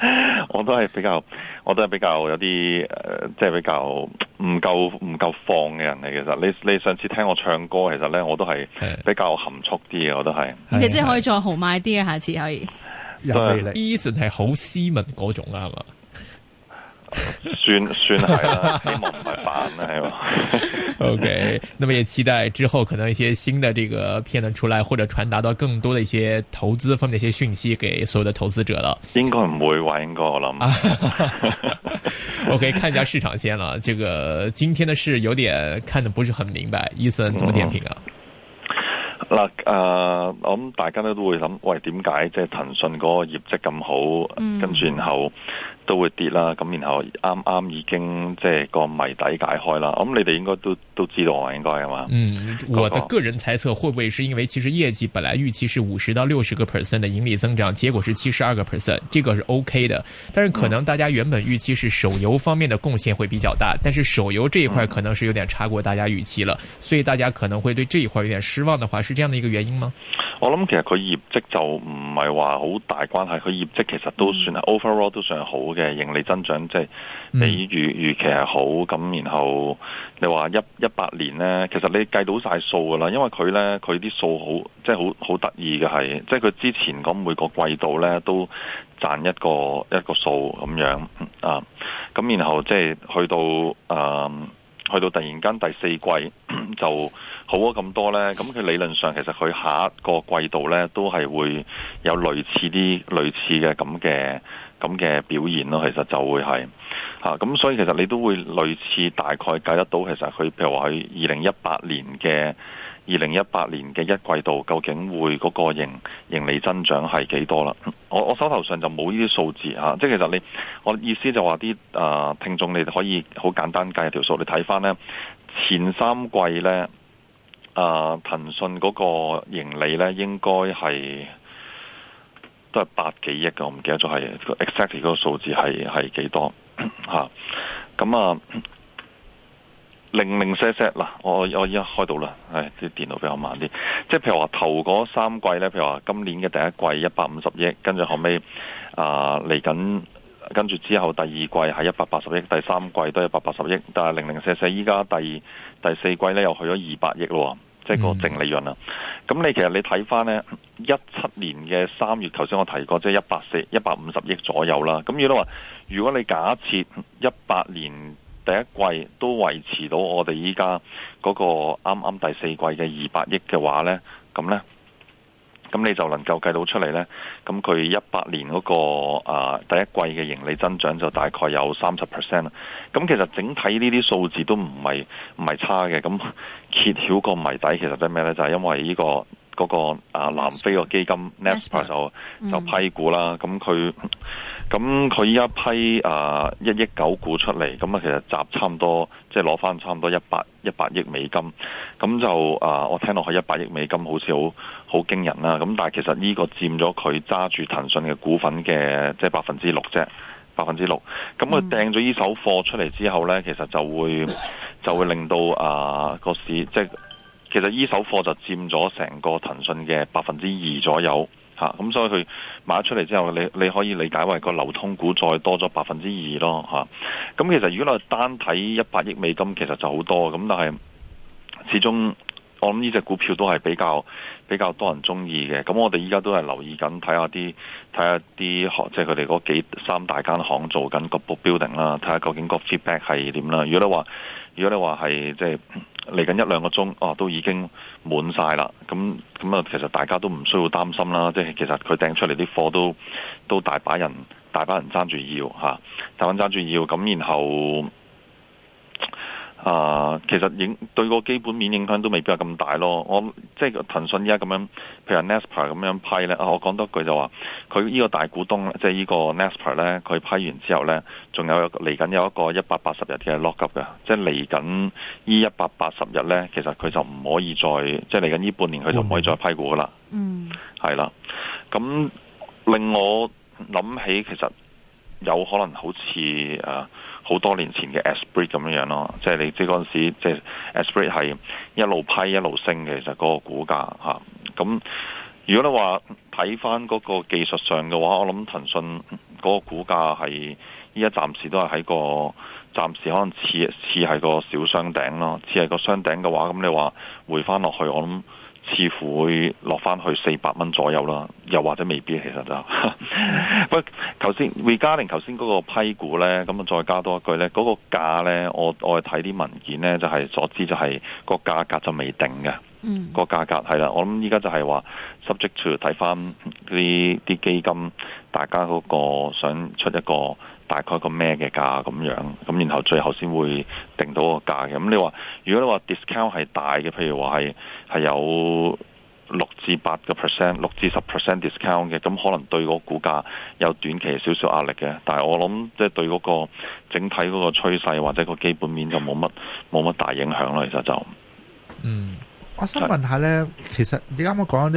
我都係比較，我都係比較有啲，誒、呃，即、就、係、是、比較唔夠唔夠放嘅人嚟嘅。其實你你上次聽我唱歌，其實咧，我都係比較含蓄啲嘅。我都係，其實可以再豪邁啲啊！下次可以。因為 Eason 係好私密嗰種啊，係嘛？算算係啦、啊， 希望唔係版啦 OK，那麼也期待之後可能一些新的這個片段出來，或者傳達到更多的一些投資方面的一些訊息給所有的投資者了。應該唔會話，應該我諗。 OK，看一下市場先啦。這個今天的事有點看得不是很明白 ，Eason 怎麼點評啊？嗱、嗯啊呃，我諗大家都會諗，喂，點解即係騰訊嗰個業績咁好，嗯、跟住然後。都會跌啦，咁然後啱啱已經即係個謎底解開啦。咁你哋應該都都知道啊，應該係嘛？嗯，我的個人猜測會不會是因為其實業績本來預期是五十到六十個 percent 的盈利增長，結果是七十二個 percent，這個是 OK 的。但是可能大家原本預期是手遊方面的貢獻會比較大，但是手遊這一塊可能是有點差過大家預期了，所以大家可能會對這一塊有點失望的話，是這樣的一個原因嗎？我諗其實佢業績就唔係話好大關係，佢業績其實都算係、嗯、overall 都算係好。嘅盈利增長即係比預預期係好，咁，然後你話一一八年呢，其實你計到晒數噶啦，因為佢呢，佢啲數好即係好好得意嘅，係即係佢之前講每個季度呢都賺一個一個數咁樣啊，咁然後即係去到啊去到突然間第四季就好咗咁多呢。咁佢理論上其實佢下一個季度呢都係會有類似啲類似嘅咁嘅。咁嘅表現咯，其實就會係嚇，咁、啊、所以其實你都會類似大概計得到，其實佢譬如話喺二零一八年嘅二零一八年嘅一季度，究竟會嗰個盈盈利增長係幾多啦？我我手頭上就冇呢啲數字、啊、即係其實你我意思就話啲啊聽眾，你哋可以好簡單計條數，你睇翻呢前三季呢，啊騰訊嗰個盈利呢，應該係。都係百幾億噶，我唔記得咗係 exactly 個數字係係幾多吓？咁啊零零舍舍嗱，我我而家開到啦，唉啲電腦比較慢啲。即係譬如話頭嗰三季呢，譬如話今年嘅第一季一百五十億，跟住後尾啊嚟緊，跟住之後第二季係一百八十億，第三季都係一百八十億，但係零零舍舍依家第第四季呢，又去咗二百億咯。即係個淨利潤啦，咁你其實你睇翻呢，一七年嘅三月，頭先我提過，即係一百四、一百五十億左右啦。咁、如果話、如果你假設一八年第一季都維持到我哋依家嗰個啱啱第四季嘅二百億嘅話呢，咁呢。咁你就能夠計到出嚟呢，咁佢一八年嗰個，啊、第一季嘅盈利增長就大概有三十 percent 啦。咁其實整體呢啲數字都唔係唔係差嘅。咁揭曉個謎底其實係咩呢？就係因為呢個。嗰、那個啊南非個基金 Naspers 就、嗯、就批股啦，咁佢咁佢依家批啊一、呃、億九股出嚟，咁啊其實集差唔多，即係攞翻差唔多一百一百億美金，咁就啊、呃、我聽落去，一百億美金好，好似好好驚人啦、啊，咁但係其實呢個佔咗佢揸住騰訊嘅股份嘅即係百分之六啫，百分之六，咁佢掟咗呢手貨出嚟之後呢、嗯，其實就會就會令到啊、呃、個市即係。就是其實呢手貨就佔咗成個騰訊嘅百分之二左右，吓、啊、咁所以佢買出嚟之後，你你可以理解為個流通股再多咗百分之二咯，吓、啊、咁其實如果你單睇一百億美金，其實就好多，咁但係始終我諗呢隻股票都係比較比較多人中意嘅，咁我哋依家都係留意緊睇下啲睇下啲即係佢哋嗰幾三大間行做緊個 building 啦，睇下究竟個 feedback 係點啦，如果你話。如果你話係即係嚟緊一兩個鐘，哦、啊、都已經滿晒啦，咁咁啊，其實大家都唔需要擔心啦。即係其實佢掟出嚟啲貨都都大把人，大把人爭住要吓、啊，大把人爭住要咁，那然後。啊，其實影對個基本面影響都未必有咁大咯。我即係騰訊依家咁樣，譬如 Naspers 咁樣批咧。我講多句就話，佢呢個大股東即係、就是、呢個 Naspers 咧，佢批完之後咧，仲有嚟緊有一個有一百八十日嘅 lockup 嘅，即係嚟緊呢一百八十日咧，其實佢就唔可以再即係嚟緊呢半年佢就唔可以再批股噶啦。嗯，係啦。咁令我諗起，其實有可能好似啊。好多年前嘅 Esprit 咁樣樣咯，即係你即係嗰陣時，即係 Esprit 係一路批一路升嘅，其實嗰個股價嚇。咁如果你話睇翻嗰個技術上嘅話，我諗騰訊嗰個股價係依家暫時都係喺個暫時可能似似係個小箱頂咯，似係個箱頂嘅話，咁你話回翻落去，我諗。似乎會落翻去四百蚊左右啦，又或者未必，其實就。不過， 頭先 V 嘉玲頭先嗰個批股咧，咁啊再加多一句咧，嗰、嗰個價咧，我我睇啲文件咧，就係、係、所知就係、係嗰個價格就未定嘅。嗯，那個價格係啦，我諗依家就係話 subject to 睇翻啲啲基金，大家嗰個想出一個大概個咩嘅價咁樣，咁然後最後先會定到個價嘅。咁你話如果你話 discount 係大嘅，譬如話係係有六至八個 percent、六至十 percent discount 嘅，咁可能對嗰股價有短期少少壓力嘅。但係我諗即係對嗰個整體嗰個趨勢或者個基本面就冇乜冇乜大影響啦，其實就嗯。我想問下呢，其實你啱啱講咗一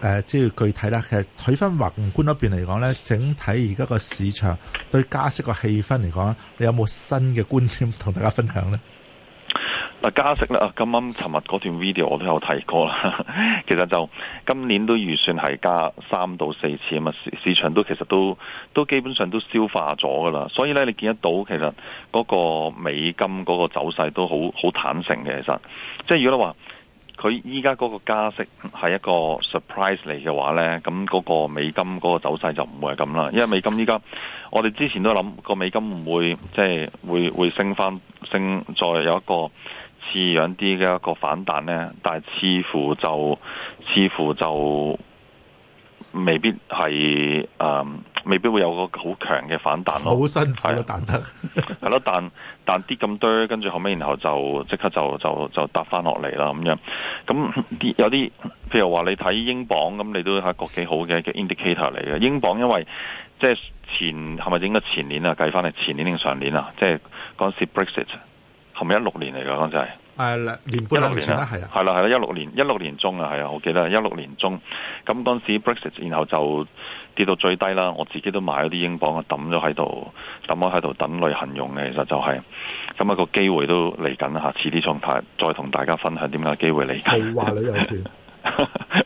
個誒，即係具體啦。其實睇返宏觀嗰邊嚟講呢，整體而家個市場對加息個氣氛嚟講，你有冇新嘅觀點同大家分享呢？嗱，加息咧啊，咁啱尋日嗰段 video 我都有提過啦。其實就今年都預算係加三到四次啊嘛，市市場都其實都都基本上都消化咗噶啦。所以呢，你見得到其實嗰個美金嗰個走勢都好好坦誠嘅，其實即係如果你話，佢依家嗰個加息係一個 surprise 嚟嘅話呢，咁嗰個美金嗰個走勢就唔會係咁啦。因為美金依家，我哋之前都諗個美金唔會即係會會升返，升再有一個似樣啲嘅一個反彈呢。但係似乎就似乎就未必係誒。未必會有個好強嘅反彈咯，好辛苦彈得，係咯，但 但啲咁多，跟住後尾然後就即刻就就就搭翻落嚟啦咁樣。咁啲有啲，譬如話你睇英鎊咁，你都係個幾好嘅嘅 indicator 嚟嘅。英鎊因為即係前係咪應該前年啊？計翻嚟，前年定上年啊？即係陣時 Brexit，係咪一六年嚟㗎？講就係。誒年半六年啦，係啊，係啦、啊，係啦、啊，一六、啊啊、年，一六年中啊，係啊，我記得一六年中，咁當時 Brexit，然後就跌到最低啦。我自己都買咗啲英鎊啊，抌咗喺度，抌咗喺度等旅行用嘅。其實就係咁一個機會都嚟緊啦嚇，下次啲狀態再同大家分享點解機會嚟緊。豪華旅遊團，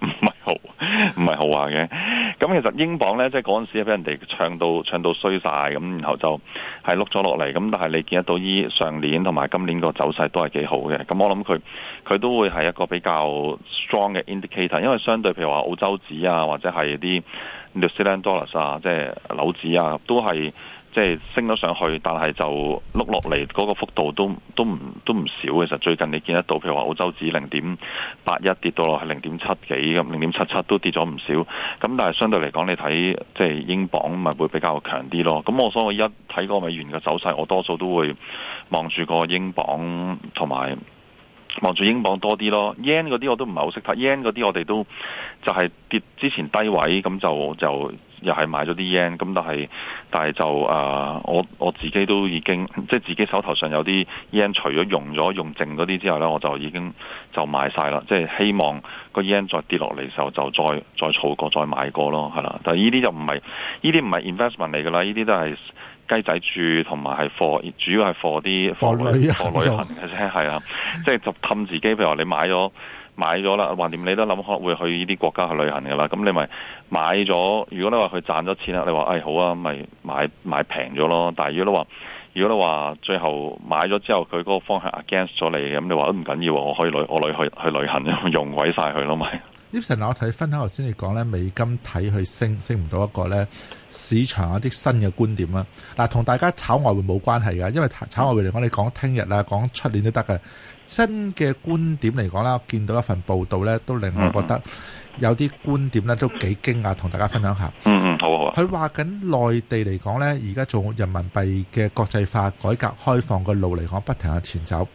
唔 係豪，唔係豪華嘅。 咁其實英鎊咧，即係嗰陣時俾人哋唱到唱到衰晒，咁然後就係碌咗落嚟。咁但係你見得到依上年同埋今年個走勢都係幾好嘅。咁我諗佢佢都會係一個比較 strong 嘅 indicator，因為相對譬如話澳洲紙啊，或者係啲 New Zealand Dollars 啊，即係紐紙啊，都係。即係升咗上去，但係就碌落嚟嗰個幅度都都唔都唔少嘅。其實最近你見得到，譬如話澳洲指零點八一跌到落係零點七幾咁，零點七七都跌咗唔少。咁但係相對嚟講，你睇即係英鎊咪會比較強啲咯。咁我想我一睇個美元嘅走勢，我多數都會望住個英鎊同埋望住英鎊多啲咯。yen 嗰啲我都唔係好識睇，yen 嗰啲我哋都就係跌之前低位咁就就。就又係買咗啲 yen，咁但係但係就啊、呃，我我自己都已經即係、就是、自己手頭上有啲 yen，除咗用咗用剩嗰啲之後咧，我就已經就買晒啦。即、就、係、是、希望個 yen 再跌落嚟時候，就再再儲過再買過咯，係啦。但係呢啲就唔係呢啲唔係 investment 嚟㗎啦，呢啲都係雞仔住同埋係貨，主要係貨啲貨旅旅行嘅車係啊，即係 就氹自己。譬如話你買咗。買咗啦，橫掂你都諗可能會去呢啲國家去旅行噶啦，咁你咪買咗。如果你話佢賺咗錢啦，你話誒、哎、好啊，咪買買平咗咯。但係如果你話，如果你話最後買咗之後佢嗰個方向 against 咗你嘅，咁你話都唔緊要，我可以去我去去我去，去，去旅行用鬼晒佢咯咪。呢陣嗱，我睇分享頭先你講咧，美金睇佢升，升唔到一個咧，市場有一啲新嘅觀點啦。嗱，同大家炒外匯冇關係㗎，因為炒外匯嚟講，你講聽日啦，講出年都得㗎。新嘅觀點嚟講啦，見到一份報道咧，都令我覺得有啲觀點咧都幾驚訝，同大家分享下。嗯嗯，好啊。佢話緊內地嚟講咧，而家做人民幣嘅國際化改革開放嘅路嚟講，不停向前走。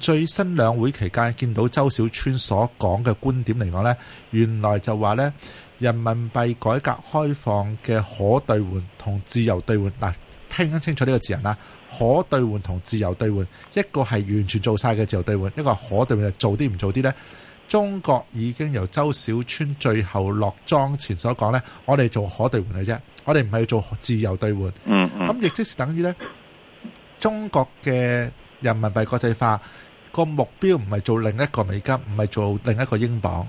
最新兩會期間見到周小川所講嘅觀點嚟講呢，原來就話呢，人民幣改革開放嘅可兌換同自由兌換嗱，聽清楚呢個字眼啦，可兌換同自由兌換，一個係完全做晒嘅自由兌換，一個係可兌換，做啲唔做啲呢？中國已經由周小川最後落莊前所講呢，我哋做可兌換嘅啫，我哋唔係要做自由兌換。嗯嗯，咁亦即是等於呢，中國嘅人民幣國際化。個目標唔係做另一個美金，唔係做另一個英鎊，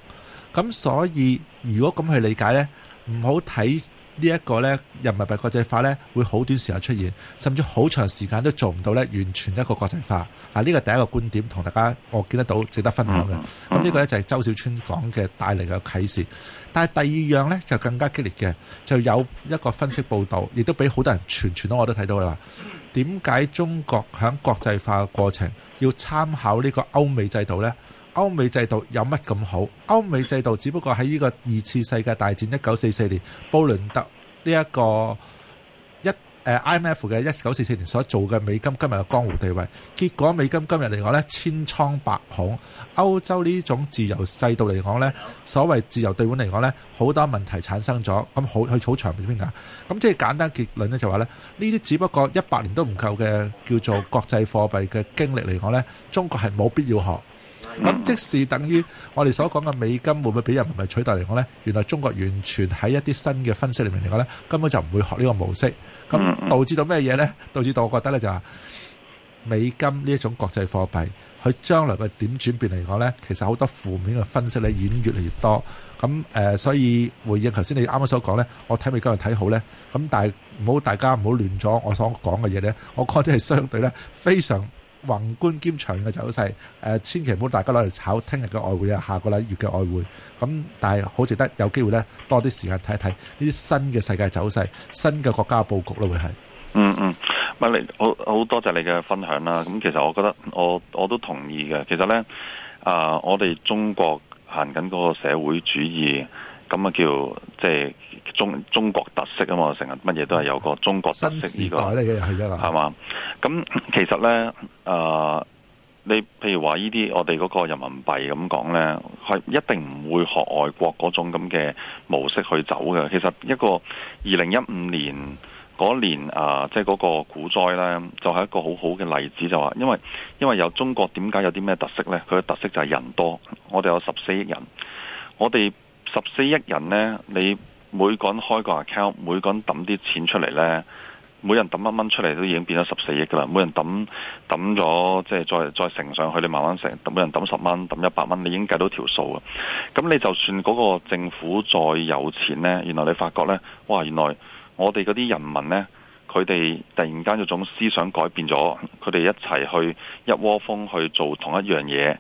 咁所以如果咁去理解呢，唔好睇呢一個呢人民幣國際化呢會好短時間出現，甚至好長時間都做唔到呢完全一個國際化。呢個第一個觀點同大家我見得到值得分享嘅，咁呢個呢就係周小川講嘅帶嚟嘅啟示。但係第二樣呢就更加激烈嘅，就有一個分析報導，亦都俾好多人傳傳到我都睇到啦。點解中國喺國際化嘅過程要參考呢個歐美制度呢？歐美制度有乜咁好？歐美制度只不過喺呢個二次世界大戰一九四四年，布倫德呢、這、一個。嗯、IMF 嘅一九四四年所做嘅美金今日嘅江湖地位，結果美金今日嚟講呢千瘡百孔。歐洲呢種自由制度嚟講呢，所謂自由兌換嚟講呢，好多問題產生咗。咁好去草場邊邊噶？咁即係簡單結論呢就話呢，呢啲只不過一百年都唔夠嘅叫做國際貨幣嘅經歷嚟講呢，中國係冇必要學。咁即使等於我哋所講嘅美金會唔會俾人民幣取代嚟講呢？原來中國完全喺一啲新嘅分析裏面嚟講呢，根本就唔會學呢個模式。咁導致到咩嘢呢？導致到我覺得咧就係美金呢一種國際貨幣，佢將來嘅點轉變嚟講呢，其實好多負面嘅分析呢已經越嚟越多。咁誒、呃，所以回應頭先你啱啱所講呢，我睇美金日睇好呢，咁但唔好，大家唔好亂咗我所講嘅嘢呢。我覺得係相對呢，非常。宏觀兼長遠嘅走勢，誒千祈唔好大家攞嚟炒聽日嘅外匯啊，下個禮月嘅外匯。咁但係好值得有機會咧，多啲時間睇一睇呢啲新嘅世界走勢，新嘅國家佈局咯，會係。嗯嗯，唔係你好好多謝你嘅分享啦。咁其實我覺得我我都同意嘅。其實呢，啊，我哋中國行緊嗰個社會主義。咁啊，叫即係中中國特色啊嘛，成日乜嘢都係有個中國特色呢，這個係嘛？咁其實呢，誒、呃，你譬如話呢啲我哋嗰個人民幣咁講呢，係一定唔會學外國嗰種咁嘅模式去走嘅。其實一個二零一五年嗰年啊，即係嗰個股災呢，就係、是、一個好好嘅例子，就話、是、因為因為有中國，點解有啲咩特色呢？佢嘅特色就係人多，我哋有十四億人，我哋。十四億人呢，你每個人開個 account，每個人抌啲錢出嚟呢，每人抌一蚊出嚟都已經變咗十四億噶啦。每人抌抌咗，即係再再乘上去，你慢慢乘，每人抌十蚊、抌一百蚊，你已經計到條數啊！咁你就算嗰個政府再有錢呢，原來你發覺呢，哇！原來我哋嗰啲人民呢，佢哋突然間嗰種思想改變咗，佢哋一齊去一窩蜂去做同一樣嘢。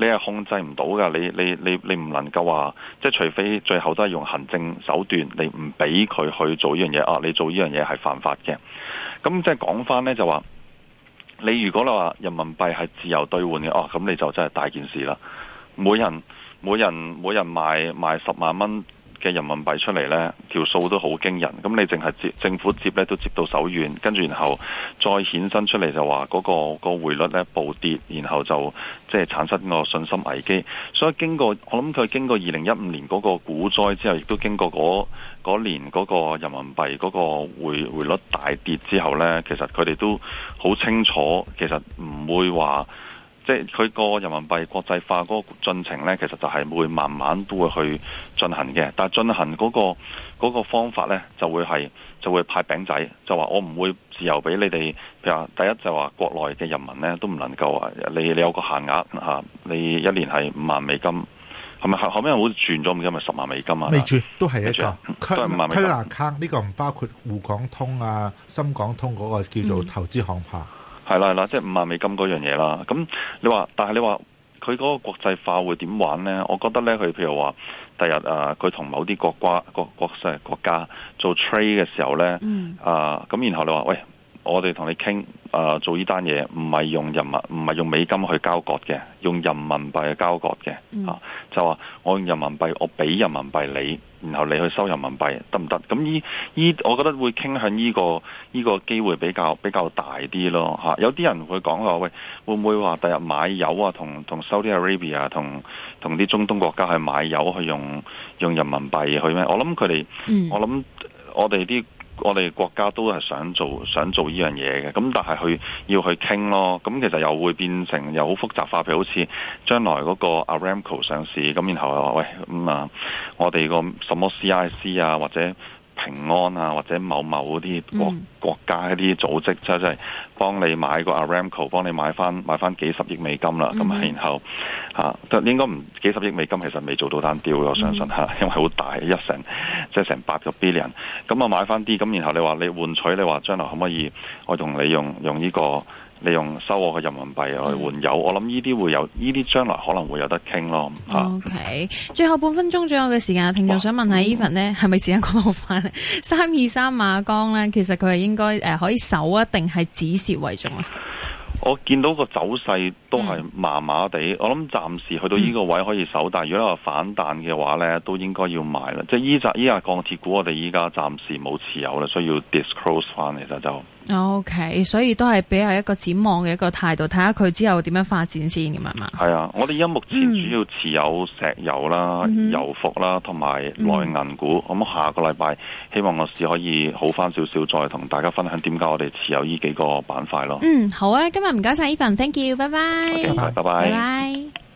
你係控制唔到㗎，你你你你唔能夠話，即係除非最後都係用行政手段，你唔俾佢去做呢樣嘢，啊，你做呢樣嘢係犯法嘅。咁即係講翻呢，就話你如果你話人民幣係自由兌換嘅，哦、啊，咁你就真係大件事啦。每人每人每人賣賣十萬蚊。嘅人民幣出嚟呢條數都好驚人。咁你淨係接政府接呢，都接到手軟。跟住然後再衍生出嚟就話嗰、嗰個、嗰個匯率呢暴跌，然後就即係、即係、產生個信心危機。所以經過我諗佢經過二零一五年嗰個股災之後，亦都經過嗰年嗰個人民幣嗰個匯、匯率大跌之後呢，其實佢哋都好清楚，其實唔會話。.即係佢個人民幣國際化嗰個進程咧，其實就係會慢慢都會去進行嘅。但係進行嗰個嗰個方法咧，就會係就會派餅仔，就話我唔會自由俾你哋。譬如話，第一就話國內嘅人民咧都唔能夠話，你你有個限額嚇，你一年係五萬美金，係咪後後好似轉咗唔係十萬美金啊？未轉都係一樣都係五萬美金，呢個唔包括滬港通啊、深港通嗰個叫做投資項下。嗯係啦係啦，即係五萬美金嗰樣嘢啦。咁你話，但係你話佢嗰個國際化會點玩咧？我覺得咧，佢譬如話第日啊，佢同某啲國掛國、啊、國勢國家做 trade 嘅時候咧、嗯，啊咁，然後你話喂。我哋同你傾，誒、呃、做呢單嘢，唔係用人民，唔係用美金去交割嘅，用人民幣去交割嘅，嚇、嗯啊、就話我用人民幣，我俾人民幣你，然後你去收人民幣，得唔得？咁依依，我覺得會傾向呢、這個依、這個機會比較比較大啲咯，嚇、啊、有啲人會講話，喂，會唔會話第日買油啊，同同 Saudi Arabia 啊，同同啲中東國家去買油，去用用人民幣去咩？我諗佢哋，我諗我哋啲。我哋國家都係想做想做呢樣嘢嘅，咁但係去要去傾咯，咁其實又會變成又好複雜化，譬如好似將來嗰個 Aramco 上市，咁然後話喂，咁、嗯、啊，我哋個什麼 CIC 啊或者。平安啊，或者某某啲國國家啲組織，即係即係幫你買個 Aramco，幫你買翻買翻幾十億美金啦。咁、嗯、啊，然後嚇、啊，應該唔幾十億美金，其實未做到單 deal，我相信、嗯、因為好大一成，即、就、係、是、成八個 billion、嗯。咁、嗯、啊，買翻啲，咁然後你話你換取，你話將來可唔可以，我同你用用呢、這個？利用收我嘅人民幣去換油，嗯、我諗呢啲會有呢啲將來可能會有得傾咯。OK，最後半分鐘左右嘅時間，聽眾想問一下 Evan 呢，係咪、嗯、時間過到快？咧？三二三馬鋼咧，其實佢係應該誒、呃、可以守一定係止蝕為重啊。我見到個走勢都係麻麻地，我諗暫時去到呢個位可以守，嗯、但係如果話反彈嘅話咧，都應該要賣啦。即係依隻呢啊鋼鐵股，我哋依家暫時冇持有啦，需要 disclose 翻其實就好。O、okay, K，所以都係比較一個展望嘅一個態度，睇下佢之後點樣發展先咁係嘛？係啊，我哋而家目前主要持有石油啦、mm -hmm. 油服啦，同埋內銀股。咁、mm -hmm. 下個禮拜希望我市可以好翻少少，再同大家分享點解我哋持有呢幾個板塊咯。嗯、mm，，好啊，今日唔該晒 Evan，Thank you，拜拜。好，拜拜。